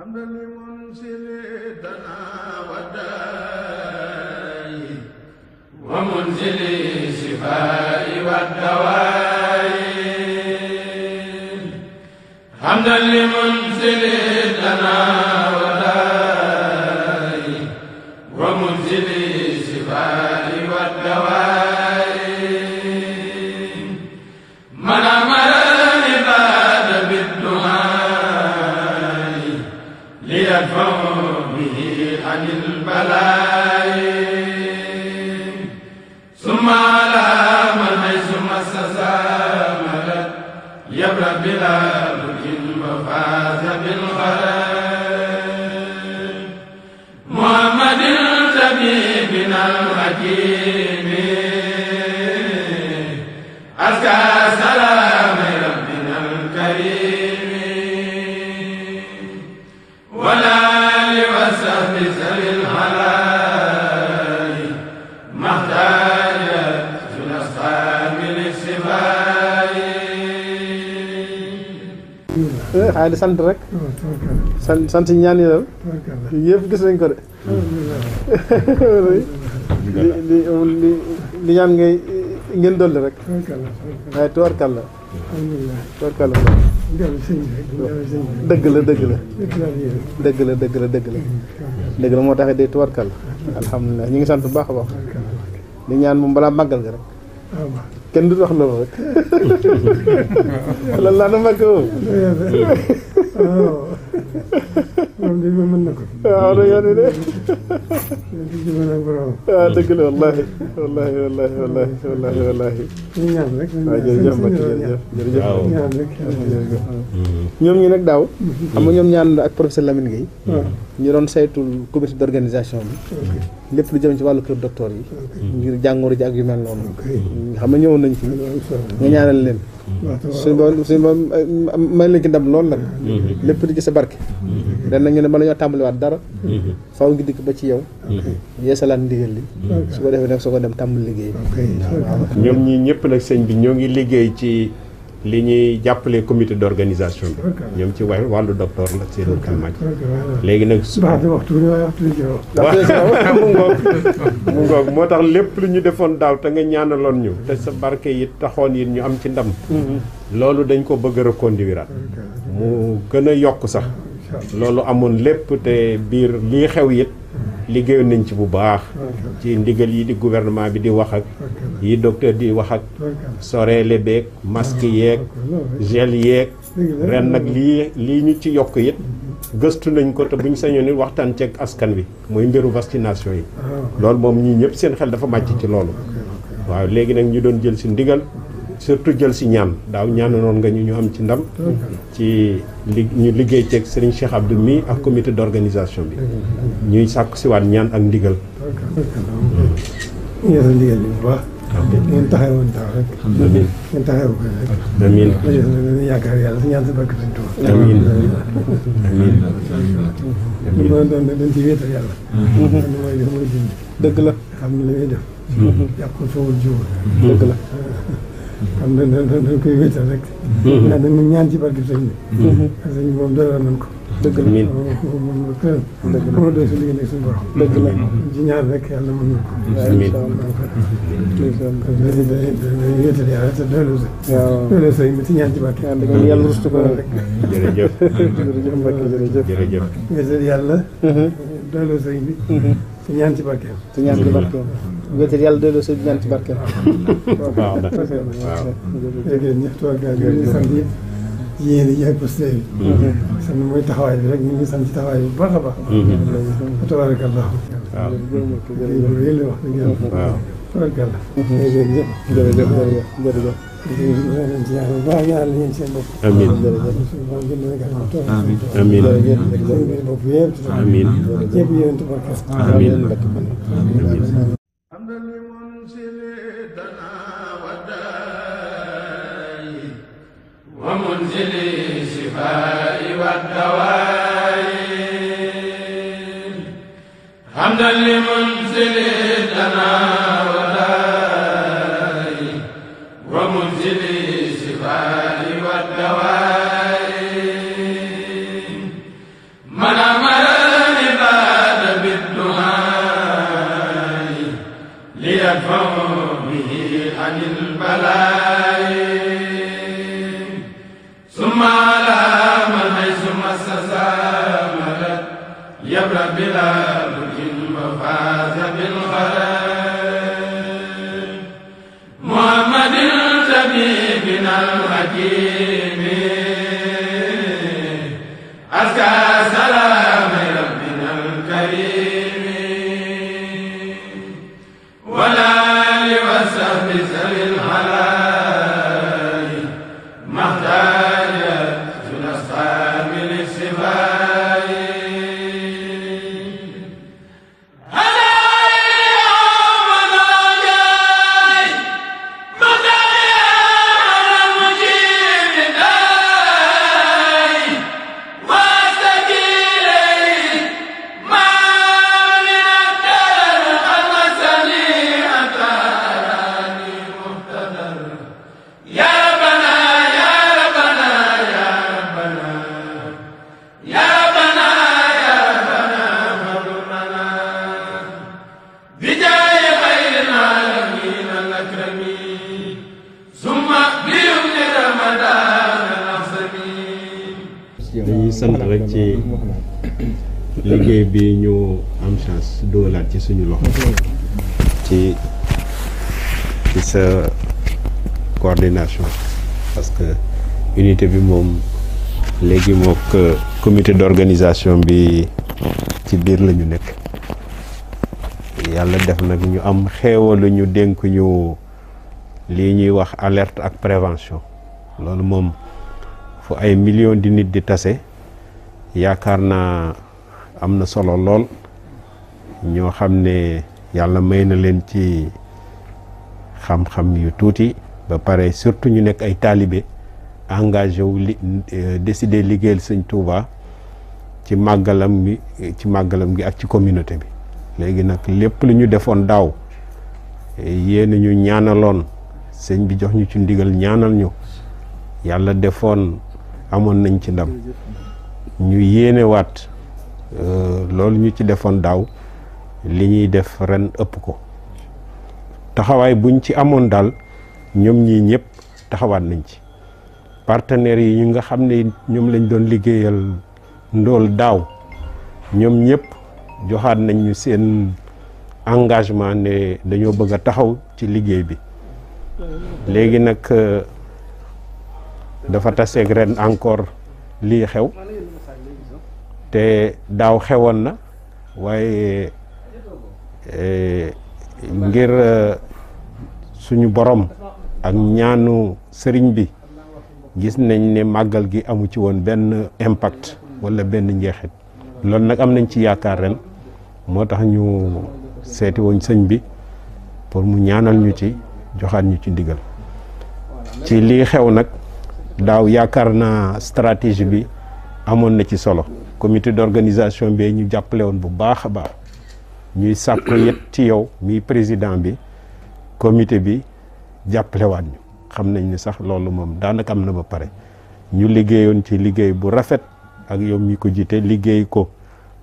حمد لمنزل دنا وداي ومنزل الشفاء والدواء حمدا لمنزل waaye eh, di sant rek. Hmm, sant sant ñaan yi daal. yëpp gis nañ ko de. Hmm. li li li ñaan ngay ngeen dolli rek. waaye tubarkàlla. tubarkàlla. dëgg la dëgg la. dëgg la dëgg la dëgg la. dëgg la moo tax day tubarkàlla. alhamdulilah ñu ngi sant bu baax a baax. di ñaan moom balaa màggal ga rek. kenn du wax loolu rek. lan laa na màgg waaw moom de mën na ko. Ah, waaw da ngeen di de. waaw dëgg la wallaahi wallaahi wallaahi wallaahi wallaahi wallaahi. ñu ñaan rek. waaw ah, jërëjëf ñaan rek ah, mm-hmm. ñoom ñi nag daaw. Mm-hmm. xam nga ñoom ñaan ak professeur Lamine Gueye. Mm-hmm. ñu doon saytul comité d' bi. lépp lu jëm ci wàllu kër docteur yi. ngir jàngoro ji ak yu mel noonu. xam nga ñëwoon nañ fi. nga ñaanal leen. suñ borom suñ borom may leen ki ndam loolu nag mm-hmm. lépp di ci sa barke mm-hmm. ren nag ñu ne mën ñoo tàmbaliwaat dara mm-hmm. faaw ngi dikk ba ci yow yeesalaat ndigal li su ko defee nag soo ko dem tàmbali liggéey ñoom ñii ñëpp nag sëñ bi ñoo ngi liggéey ci li ñuy jàppale commité d' organisation bi ñoom ci wa wàllu docteur la seen maj léegi nag mu ngoog moo tax lépp lu ñu defoon daaw te nga ñaanaloon ñu te sa barke yi taxoon yi ñu am ci ndam mm-hmm. loolu dañ ko bëgg a reconduiraat mu gën a yokk sax loolu amoon lépp te biir lii xew it liggéeyoon nañ ci bu baax ci ndigal yi di gouvernement bi di wax ak yi docteur di wax ak soreele beeg mask yeeg gel yeeg ren nag lii lii ñu ci yokk it mhm. gëstu nañ ko te buñ sañoon it waxtaan ceeg askan wi mooy mbiru vaccination yi ah, loolu moom ñii ñëpp seen xel dafa màcc ci ah, loolu waaw léegi nag ñu doon jël si ndigal surtout jël si ñaan daaw ñaanaloon nga ñu ñu am ci ndam ci li ñu liggéey ceeg Serigne Cheikh Abdou mi ak comité d'organisation bi ñuy sàkk si waat ñaan ak ndigal ngeen liggéey bi bu baax ngeen taxaw yàlla si ñaan si dëgg la xam ne dañ koy wéetal rek. ndax dañu ñaan ci barke sëñ bi. ko. dëgg la miin la tëral. dëgg la moom la la ci ñaan rek yàlla mën na ko. miin dañuy wéetal yàlla te doole sa. waaw doole sëñ bi ci ñaan ci barke. waaw yàlla rustu ko rek. jërëjëf jërëjëf Mbacke jërëjëf. wéetal yàlla. te ñaan ci barkeem. te ñaan ci barkeem. wéetal yàlla delloo sa ñaan ci barkeem. waaw ndax waaw. léegi ñëpp toog gaa yi ñu sant yëpp yéen a yëg ko seen. sant mooy taxawaay bi rek ñu ngi sant ci taxawaay bu baax a baax. tabarakallah. waaw jërëjëf jërëjëf wax dëgg yàlla. waaw tabarakallah. jërëjëf jërëjëf jërëjëf. amiin amiin amiin amiin حمدا لمنزل لنا البلاء dañuy sant rek ci liggéey bi ñu am chance doolaat ci suñu loxo ci ci sa coordination parce que unité bi moom léegi mook euh, comité d'organisation bi ci biir la ñu nekk yàlla def nag ñu am xeewalu ñu dénk li ñuy wax alerte ak prévention loolu moom fu ay millions di nit di tase yaakaar naa am na solo lool ñoo xam ne yàlla may na leen ci xam-xam yu tuuti ba pare surtout ñu nekk ay taalibe engagé wu li euh, décidé liggéeyal sëñ Touba ci màggalam bi ci màggalam gi ak ci communauté bi léegi nag lépp lu ñu defoon daaw yéen ñu ñaanaloon sëñ bi jox ñu ci ndigal ñaanal ñu yàlla defoon amoon nañ ci ndam ñu yéenewaat euh, loolu ñu ci defoon daaw li ñuy def ren ëpp ko taxawaay buñ ci amoon daal ñoom ñii ñëpp taxawaat nañ ci partenaires yi ñu nga xam ne ñoom lañ doon liggéeyal ndool daaw ñoom ñëpp joxaat nañ ñu seen engagement ne dañoo bëgg a taxaw ci liggéey bi léegi nag euh, dafa taseeg ren encore lii xew te daaw xewoon na waaye eh, ngir eh, suñu boroom ak ñaanu sëriñ bi gis nañ ne màggal gi amu ci woon benn impact walla benn njeexit loolu nag am nañ ci yaakaar ren moo tax ñu seeti woon sëñ bi pour mu ñaanal ñu ci joxaat ñu ci ndigal ci lii xew nag daaw yaakaar naa stratégie bi amoon na ci solo comité d'organisation bi ñu jàppale woon bu baax a baax ñuy sàkku yet ci yow mi président bi comité bi jàppalewaat ñu xam nañ ni sax loolu moom daanaka am na ba pare ñu liggéey woon ci liggéey bu rafet ak yow mi ko jiite liggéey ko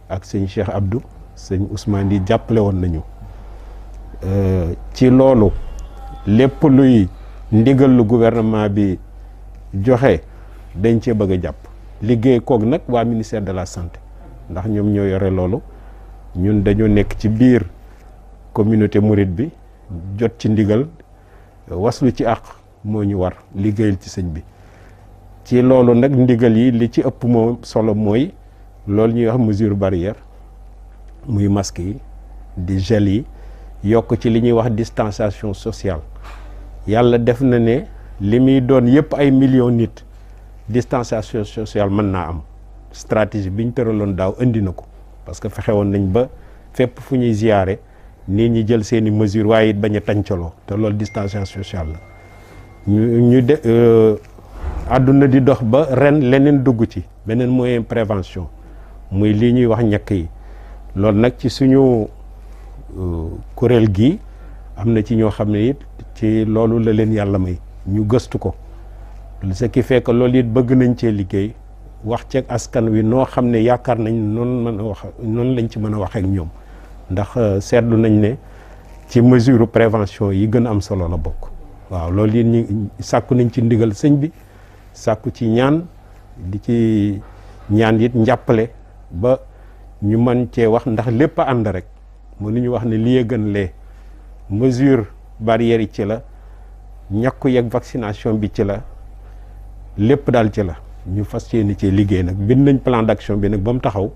ak sëñ Cheikh Abdou sëñ Ousmane di jàppale woon nañu euh, ci loolu lépp luy ndigal lu gouvernement bi joxe dañ cee bëgg a jàpp liggéey koog nag waa ministère de la santé ndax ñoom ñoo yore loolu ñun dañoo nekk ci biir communauté mouride bi jot ci ndigal waslu ci àq moo ñu war liggéeyal ci sëñ bi ci loolu nag ndigal yi li ci ëpp moo solo mooy loolu ñuy wax mesure barrière muy masque yi di gel yi yokk ci li ñuy wax distanciation sociale yàlla def na ne li muy doon yëpp ay millions nit distanciation sociale mën naa am stratégie bi ñu tëraloon daaw indi na ko parce que fexe woon nañ ba fépp fu ñuy ziyaare nit ñi jël seeni mesures waaye it bañ a tàncaloo te loolu distanciation sociale la ñu ñu de euh, àdduna di dox ba ren leneen dugg ci beneen moyen prévention muy lii ñuy wax ñàkk yi loolu nag ci suñu euh, kuréel gi am na ci ñoo xam ne it ci loolu la leen yàlla may ñu gëstu ko lu qui fait que loolu it bëgg nañ cee liggéey wax ceeg askan wi noo xam ne yaakaar nañ noonu mën a wax noonu lañ ci mën a waxee ñoom ndax euh, seetlu nañ ne ci mesure prévention yi gën a am solo la bokk waaw loolu it ñi sàkku nañ ci ndigal sëñ bi sàkku ci ñaan di ci ñaan yit njàppale ba ñu mën cee wax ndax lépp a ànd rek mënuñu wax ne li gën lee mesure barrière yi ci la ñàkku yeeg vaccination bi ci la lépp daal ci la ñu fas yéene ci liggéey nag bind nañ plan d'action bi nag ba mu taxaw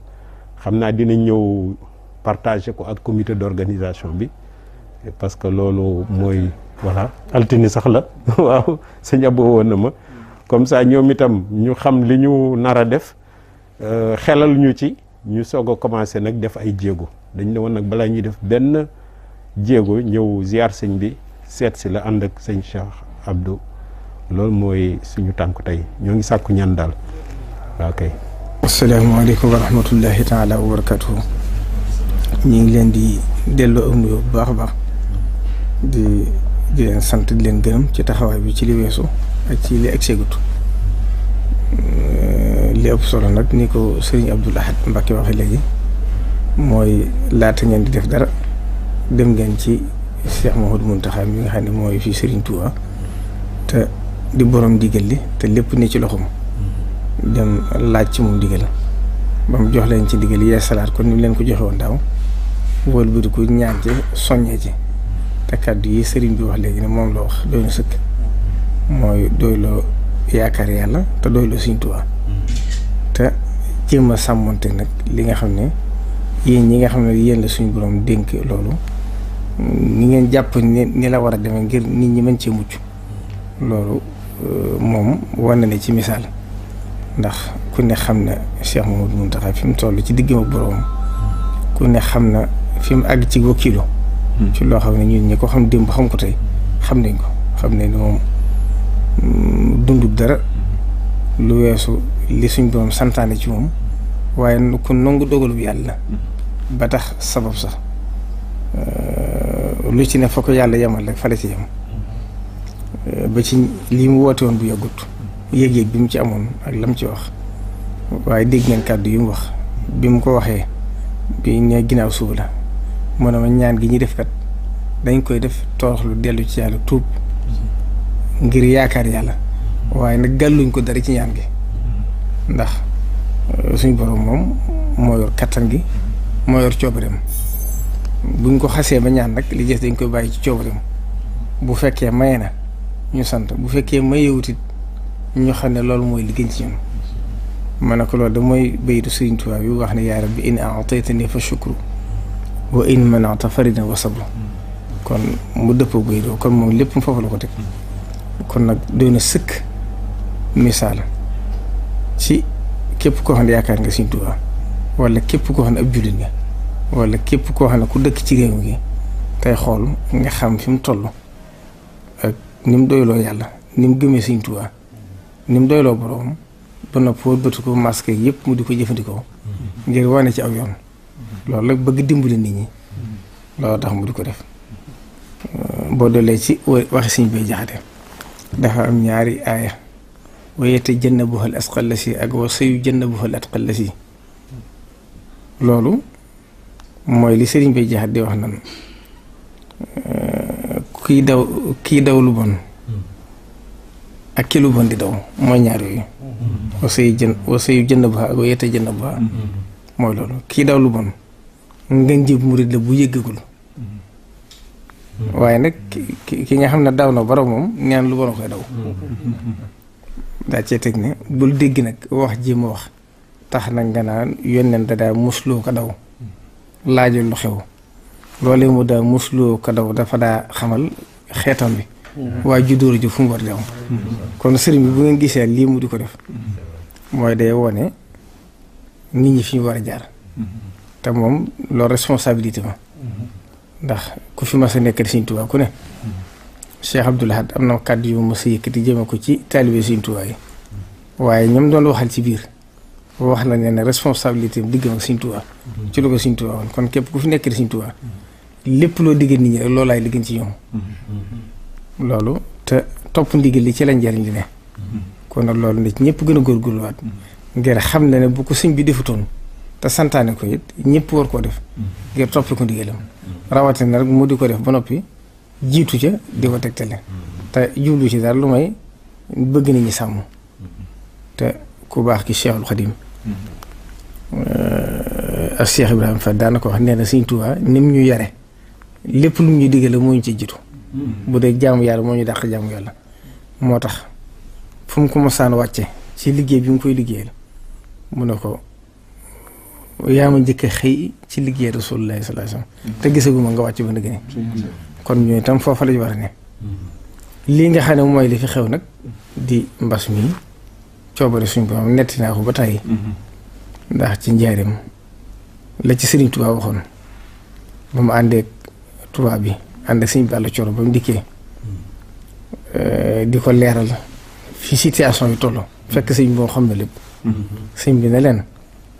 xam naa dinañ ñëw partager ko ak comité d'organisation bi parce que loolu mooy voilà altine sax la waaw sëñ Abo woon na ma comme ça ñoom itam ñu xam li ñu nar a def euh, xelal ñu ci ñu soog a commencé nag def ay jéego dañ ne woon nag balaa ñuy def benn jéego ñëw ziar sëñ bi seet si la ànd ak sëñ Cheikh Abdou loolu mooy suñu tànku tey ñoo ngi sàkku ñaan daal waaw kay. asalaamaaleykum wa rahmatullahi taala wa barakatuhu ñu ngi leen di delloo am bu baax a baax di leen sant di leen gërëm ci taxawaay bi ci li weesu ak ci li egg seegut euh, li ëpp solo nag ni ko sëriñ Abdoul Ahad Mbacké waxee léegi mooy laata ngeen di def dara dem ngeen ci. Cheikh Mouhamadou Mountakha mi nga xam ne mooy fii Serigne Touba te di boroom digal li te lépp ne ci loxoom dem laaj ci moom digal ba mu jox leen ci digal yee salaat kon ni mu leen ko joxe woon daaw wóol bi di ko ñaan ci soññee te kàddu yi sëriñ bi wax léegi ne moom la wax doy na sëkk mooy doyloo loo yaakaar yàlla te doyloo loo Serigne te jéem a sàmmonte nag li nga xam ne yéen ñi nga xam ne yéen la suñu borom dénk loolu ni ngeen jàpp ni ni la war a deme ngir nit ñi mën cee mucc loolu euh, moom war na ne ci misaal ndax ku ne xam na Cheikh Mamadou Mountakha fi mu toll ci diggam ak boroom ku ne xam na fi mu àgg ci wakiilo hmm. ci loo xam ne ñun ñi ko xam démb xam ko tey xam nañ ko xam ne moom mm, dundu dara lu weesu li suñ borom santaane ci moom waaye ku nangu dogalu yàlla hmm. ba tax sabab sax euh, lu ci ne fa ko yàlla yemal rek fa la ci yem ba ci lii mu woote woon bu yàggut yëg-yëg bi mu ci amoon ak lam ci wax waaye dégg ngeen kàddu yi mu wax bi mu ko waxee bi ne ginnaaw suba la mu ne ma ñaan gi ñuy def kat dañ koy def lu dellu ci yàlla tuub ngir yaakaar yàlla waaye nag luñ ko dara ci ñaan gi ndax suñ borom moom moo yor kattan gi moo yor coobareem buñ ko xasee ba ñaan nag li des dañ koy bàyyi ci coobaram bu fekkee maye na ñu sant bu fekkee mayewutit ñu xam ne loolu mooy li gën ci ñun ma ne ko loolu da mooy baytu Sëriñ Tuubaa wax ne yaa rabbi in a'taytani fa shukru wa in mana'ta farida wa sabru kon mu dëpp baytoo kon moom lépp foofu la ko teg kon nag doon na sëkk misaal ci képp koo xam ne yaakaar nga Sëriñ Tuubaa wala képp koo xam ne ab jullit nga wala képp koo xam ne ku dëkk ci réew gi tey xool nga xam fi mu toll ak ni mu doyloo yàlla ni mu gëmee Sëñ Tuubaa ni mu doyloo borom ba noppi wëlbati ko masque yëpp mu di ko jëfandikoo ngir wane ci aw yoon loolu nag bëgg dimbali nit ñi tax mu di ko def boo doolee ci waxi Sëñ Bay Jaxate dafa am ñaari jënn bu xal asqal la si ak wa sëyu jënn bu xal atqal la si loolu mooy li sëriñ ba jaxat di wax nan euh, kiy daw kiy daw lu bon ak ki lu bon di daw mooy ñaar yooyu wasay mm-hmm. jën wasay jënd ba ak yetta jënd ba mm-hmm. mooy loolu kii daw lu bon nga njëb murit la bu yëggagul mm-hmm. waaye nag ki nga xam ne daw na bara moom ñaan lu bon a koy daw daa cee ne bul déggi nag wax ji ma wax tax nag nga naan yónneen da daa musloo ko daw laajoon lu xew loolu mu daa musloo ko dafa daa xamal xeetam bi mhm. waaye juddóoru ji fu mu war di am mhm. kon sëriñ bi bu ngeen gisee lii mu di ko def mhm. mooy day wone nit ñi fi war a jaar te moom loolu responsabilité ma ndax ku fi mas a nekk di Sëriñ ku ne Cheikh Abdoul Ahad am na kàddu yu mas a yëkkati jëme ko ci taalibe Sëriñ Tuubaa yi waaye ñoom doon waxal ci biir wax na ne ne responsabilité am diggam ak Sëñ Tuubaa ci lu ko Sëñ Tuubaa woon kon képp ku fi nekk di Sëñ Tuubaa lépp loo diggal nit ñi rek loolu laay diggal ci ñoom loolu te topp ndigal li ci la njariñ li ne kon nag loolu nit ñëpp gën a góor góorgóorluwaat ngir xam ne ne bu ko sëñ bi defutoon te santaane ko it ñëpp war koo def ngir toppi ko ndigalam na rek mu di ko def ba noppi jiitu ca di ko tegtale te jublu ci daal lu may bëgg nañu sàmm te baax ki Cheikhul Euh, ak Cheikh Ibrahima Fall daana ko wax nee na Sëriñ Tuubaa nim ñu yare lépp lu ñu digale moo ñu ci jiitu hmm. bu dee jaamu yàlla moo ñu dàq jaamu yàlla moo tax fu mu ko mosaan wàcce ci liggéey bi mu koy liggéeyal mu ne ko yaa ma njëkk a xëy ci liggéey Rasulullaahi sallallaahu alayhi wa sallam te gisaguma nga wàcc ba ndëgg kon ñooñu itam foofa la ñu war a ne hmm. lii nga xam ne mooy li fi xew nag di mbas mii coobare suñ borom netti naa ko ba tàyyi mhm. ndax ci njaarim la ci sëriñ Tuubaa waxoon ba mu àndeek Tuubaa bi ànd ak sëriñ Balla Coro ba mu dikkee mhm. eh, di ko leeral fi situation yi toll fekk mhm. sëñ boo xam ne lépp sëriñ bi ne leen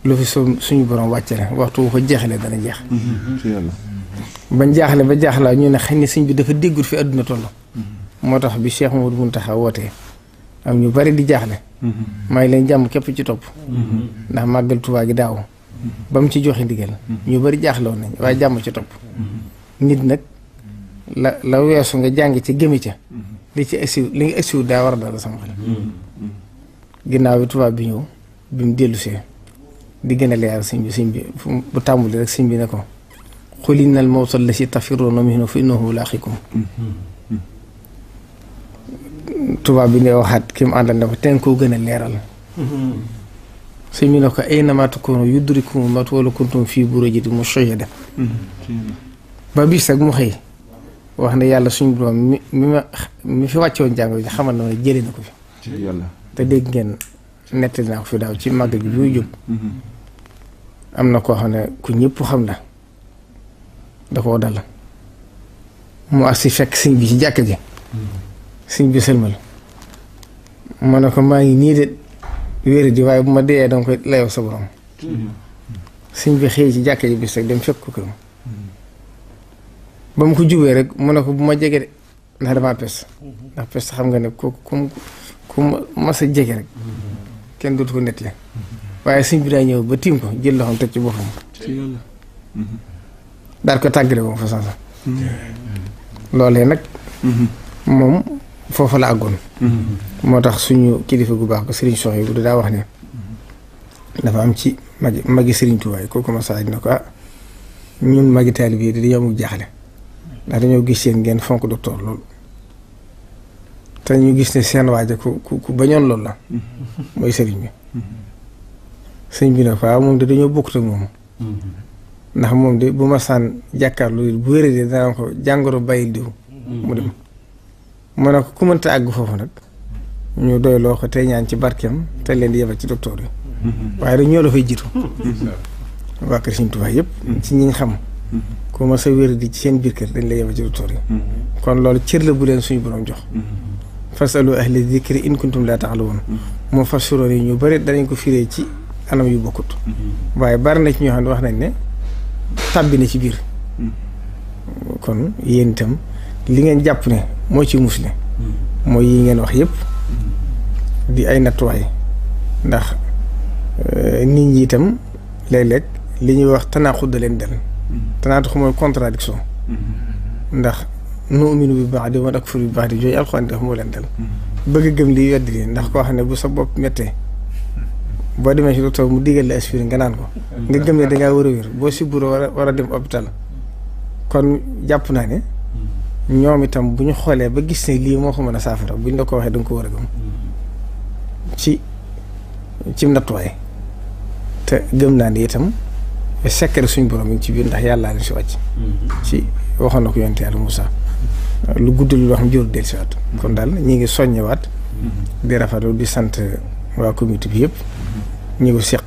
loo fi suñu borom wàcce la waxtu ko jeexalee dana jeex bañ jaaxle ba jaaxlaa ñu ne xëy na sëriñ bi dafa déggul fi àdduna toll moo tax bi Cheikh Mamadou Mountakha wootee am ñu bari di jaaxle. Mm-hmm. may leen jàmm képp ci topp. Mm-hmm. ndax màggal Tuubaa gi daaw. Mm-hmm. ba mu ci joxe ndigal. ñu bari jaaxloon nañ waaye jàmm ci topp. nit nag la la weesu nga jàng ci gémi ca. li ci ëssiw li nga ëssiw daa war a dara sama xel. ginnaaw bi tubaab bi ñëw bi mu dellusee di gën a leer sëñ bi sëñ bi bu tàmbuli rek sëñ ne ko xulinal mawtal la si tafirroona minhu fa innahu ko tubaab bi ne waxaat ki mu àndal ne ko teen koo gën a leeral sëñ bi ne ko ay namaatu kono yudrikum mat wala kuntum fii burujin mushayyada ba bis ak mu xëy wax ne yàlla suñu borom ma mi fi wàccewoon jàngoro ji xamal na ma jëlee na ko fi te dégg ngeen nettali naa ko fi daaw ci màgg bi muy jóg am na koo xam ne ku ñëpp xam la da koo dal mu as si fekk sëñ bi ci jàkk ji sëñ bi sëlmal ma ne ko maa ngi nii de wér waaye bu ma dee danga koy layoo sa borom sëñ bi xëy ci jàkka ji bis rek dem fekk ko këram ba mu ko jubee rek mu ne ko bu ma jege de ndax damaa pes ndax pes xam nga ne kooku ku ma mas a jege rek kenn dootu ko nettali waaye sëñ bi daay ñëw ba tiim ko jël loxoom teg ci boppam daal ko tàggale boobu fa sansa mm-hmm. loolee nag mm-hmm. moom foofu la àggoon mm-hmm. moo tax suñu kilifa gu baax ba Serigne Sox yi bu daa wax ne dafa am ci magi magi Serigne Touba yi kooku ma saa dina ko ah ñun magi taalibe yi dañoo amul jaaxle ndax dañoo gis seen ngeen fonk docteur loolu te ñu gis ne seen waaja ku ku bañoon loolu la mooy Serigne bi sëñ bi ne ko ah, moom de dañoo bokkut ak moom ndax moom de bu ma sànn jàkkaarloo bu wéree de danaa ko jàngoro bàyyil diw mu dem mu ne ko ku mënta àgg foofu nag ñu doyloo ko tey ñaan ci barkeem te leen di yebal ci docteur yi waaye dañ ñoo la fay jiitu waa kër Sëriñ Tuubaa yëpp si ñi xam ku ma sa wér di ci seen biir kër dañ la yebal ci docteur yi kon loolu cër la bu leen suñu borom jox fasalu ahli dikri in kuntum laa ta'lamuun moo suroon yi ñu bëri danañ ko firee ci anam yu bokkut waaye bari na ci ñoo xam ne wax nañ ne tàbbi na ci biir kon yéen itam li ngeen jàpp ne moo ci musle mooy yi ngeen wax yëpp di ay nattuwaay ndax euh, nit ñi itam léeg-léeg li ñuy wax tanaaxut da leen dal tanaaxut mooy contradiction ndax nu'minu bi baax di wa nakfuru bi baax di jooju alxuraan def moo leen dal bëgg gëm lii weddi koo xam ne bu sa bopp méttee boo demee si docteur mu digal la aspirine nga naan ko nga gëm ne dangaa war a wér boo si buro war a war a dem hôpital kon jàpp naa ne ñoom itam bu ñu xoolee ba gis ne lii moo ko mën a saafara ñu la ko waxee danga ko war a gëm ci ci nattuwaay te gëm naa ni itam sekkari suñ borom mi ci biir ndax yàllaa lañ si wàcc mhm. ci waxoon na ko yonte yàlla musa lu gudd lu wax jur del si waat mhm. kon daal ñi ngi soññewaat mhm. di rafetlu di sant waa comité bi yëpp ñi ko seq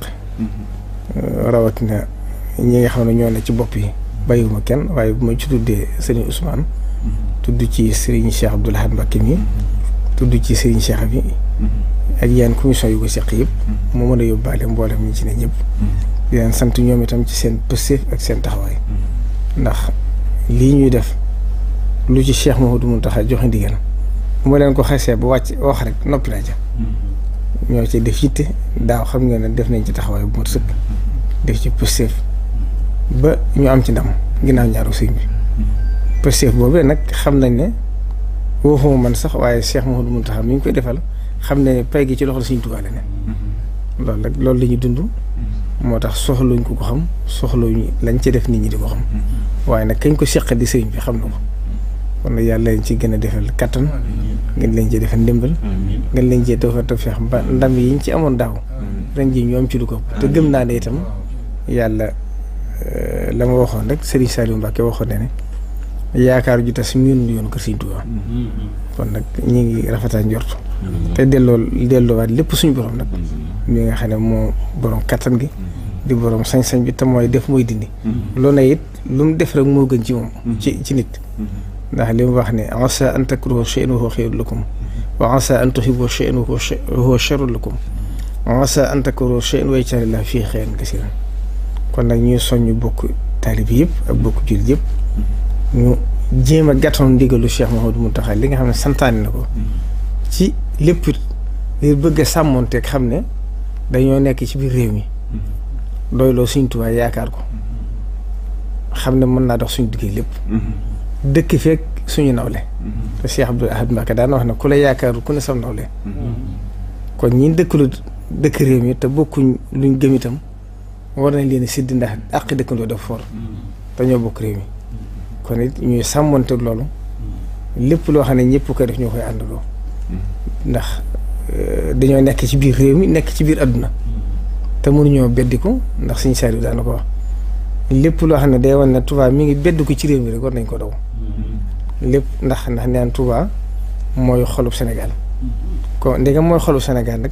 rawatina ñi nga xam ne ñoo ne ci bopp yi bàyyiwuma kenn waaye bu ma ci tuddee sëriñ Ousmane tudd ci sëriñ Cheikh Abdoul Ahad Mbacké mi tudd ci sëriñ Cheikh bi ak yéen commission yu ko seq yëpp. Mm-hmm. mu mën a yóbbaale mboolem ñi ci ne ñëpp. Mm-hmm. di sant ñoom itam ci seen pësteef ak seen taxawaay. Mm-hmm. ndax lii ñuy def lu ci Cheikh Mouhamadou Mountakha joxe ndigal ma leen ko xasee ba wàcc wax rek noppi naa ñoo ci def yitte daaw xam nga ne def nañ ci taxawaay bu mot sëkk. def ci pësteef ba ñu am ci ndam ginnaaw ñaaru sëñ bi. pësteef boobee nag xam nañ ne waxuma man sax waaye Cheikh Mouhamadou Mountakha mi ngi koy defal. xam ne pay gi ci loxo Sëriñ Tuubaa la ne mm-hmm. loolu rek dund mm-hmm. moo tax soxluñ ko ko xam soxluñ lañ ci def nit ñi di ko xam mm-hmm. waaye nag kañ ko seq di sëriñ bi xam na ko kon nag yàlla gën a defal kattan ngeen leen cee defal ndimbal ngeen leen cee defal tawfeex ba ndam yi ñu ci amoon daaw ren ji ñu am ko te gëm naa ne itam yàlla euh, la ma waxoon rek Serigne Saliou Mbacke waxoon ne ne yaakaar ju tas ñun yoon kër Sëriñ Tuubaa kon nag ñi ngi rafetaa njort te delloo delloowaat lépp suñu borom nag mi nga xam ne moo borom kattan gi di borom sañ-sañ bi te mooy def mooy dindi loolu it lu def rek moo gën ci ci nit ndax li wax ne ansa an takruhu shay'an wa huwa khayrun lakum wa ansa kon nag ñuy soññ bokk taalib yëpp ak bokk jullit yëpp jéem a gàttoon ndigalu Cheikh Mouhamadou Mountakha li nga xam ne santaane na ko ci lépp ngir bëgg a sàmmoonteeg xam ne dañoo nekk ci biir réew mi doyloo suñ Tuubaa yaakaar ko xam ne mën naa dox suñ duggee lépp dëkk feek suñu nawle te Cheikh Abdoul Ahad Mbacké daana wax ne ku la yaakaaru ku ne sam nawle kon ñi dëkkalu dëkk réew mi te bokkuñ luñ gëm itam war nañ leen a sédd ndax àq dëkkandoo def for dañoo bokk réew mi kon it ñuy sàmmanteeg loolu lépp loo xam ne ñëpp koy def ñoo koy àndandoo ndax euh, dañoo nekk ci biir réew mi nekk ci biir àdduna te mënuñoo beddiku ndax suñu saar yi na ko wax lépp loo xam ne day wan ne tubaa mi ngi beddiku ci réew mi rek nañ ko daw lépp ndax ndax neen Touba mooy xolub Sénégal kon ndegam mooy xolub Sénégal nag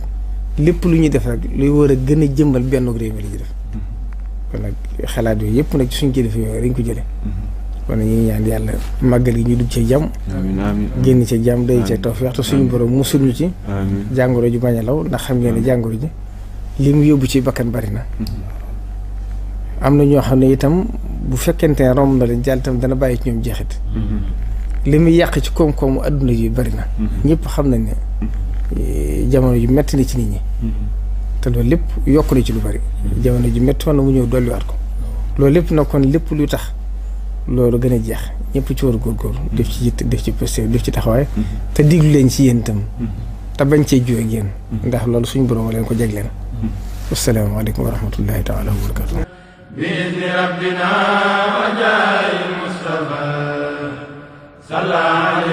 lépp lu ñuy def rek luy war a gën a jëmbal benn réew mi la ñuy def kon nag xalaat yooyu yëpp nag suñu jëlee fi dañ ko jëlee. kon ñu ngi ñaan yàlla màggal yi ñu dugg ci jam génn ci jàmm day ci tawfeex te suñu borom musul ñu ci. jàngoro ji bañ a law ndax xam ngeen ne jàngoro ji li mu yóbbu ci bakkan bari na. Mm-hmm. am na ñoo xam ne itam bu fekkente ne na leen jàll dana bàyyi ci ñoom jeexit. Mm-hmm. li muy yàq ci koom-koomu adduna ji bari na. Mm-hmm. ñëpp xam nañ ne jamono ji metti na ci nit ñi. te loolu lépp yokk na ci lu bari. jamono ji méttoon na mu ñëw dolliwaat ko. Oh. loolu lépp nag kon lépp luy tax. loolu gën a jeex ñépp ci war a góorgóorlu mm-hmm. def ci yitt def ci posté def ci taxawaay mm-hmm. te diglu leen ci yéen tam mm-hmm. te bañ cee jóge génn ndax loolu suñu borom leen ko jagleen asalaamaaleykum wa rahmatullahi taala wa barakatu biizni rabbina wa jaayi mustafa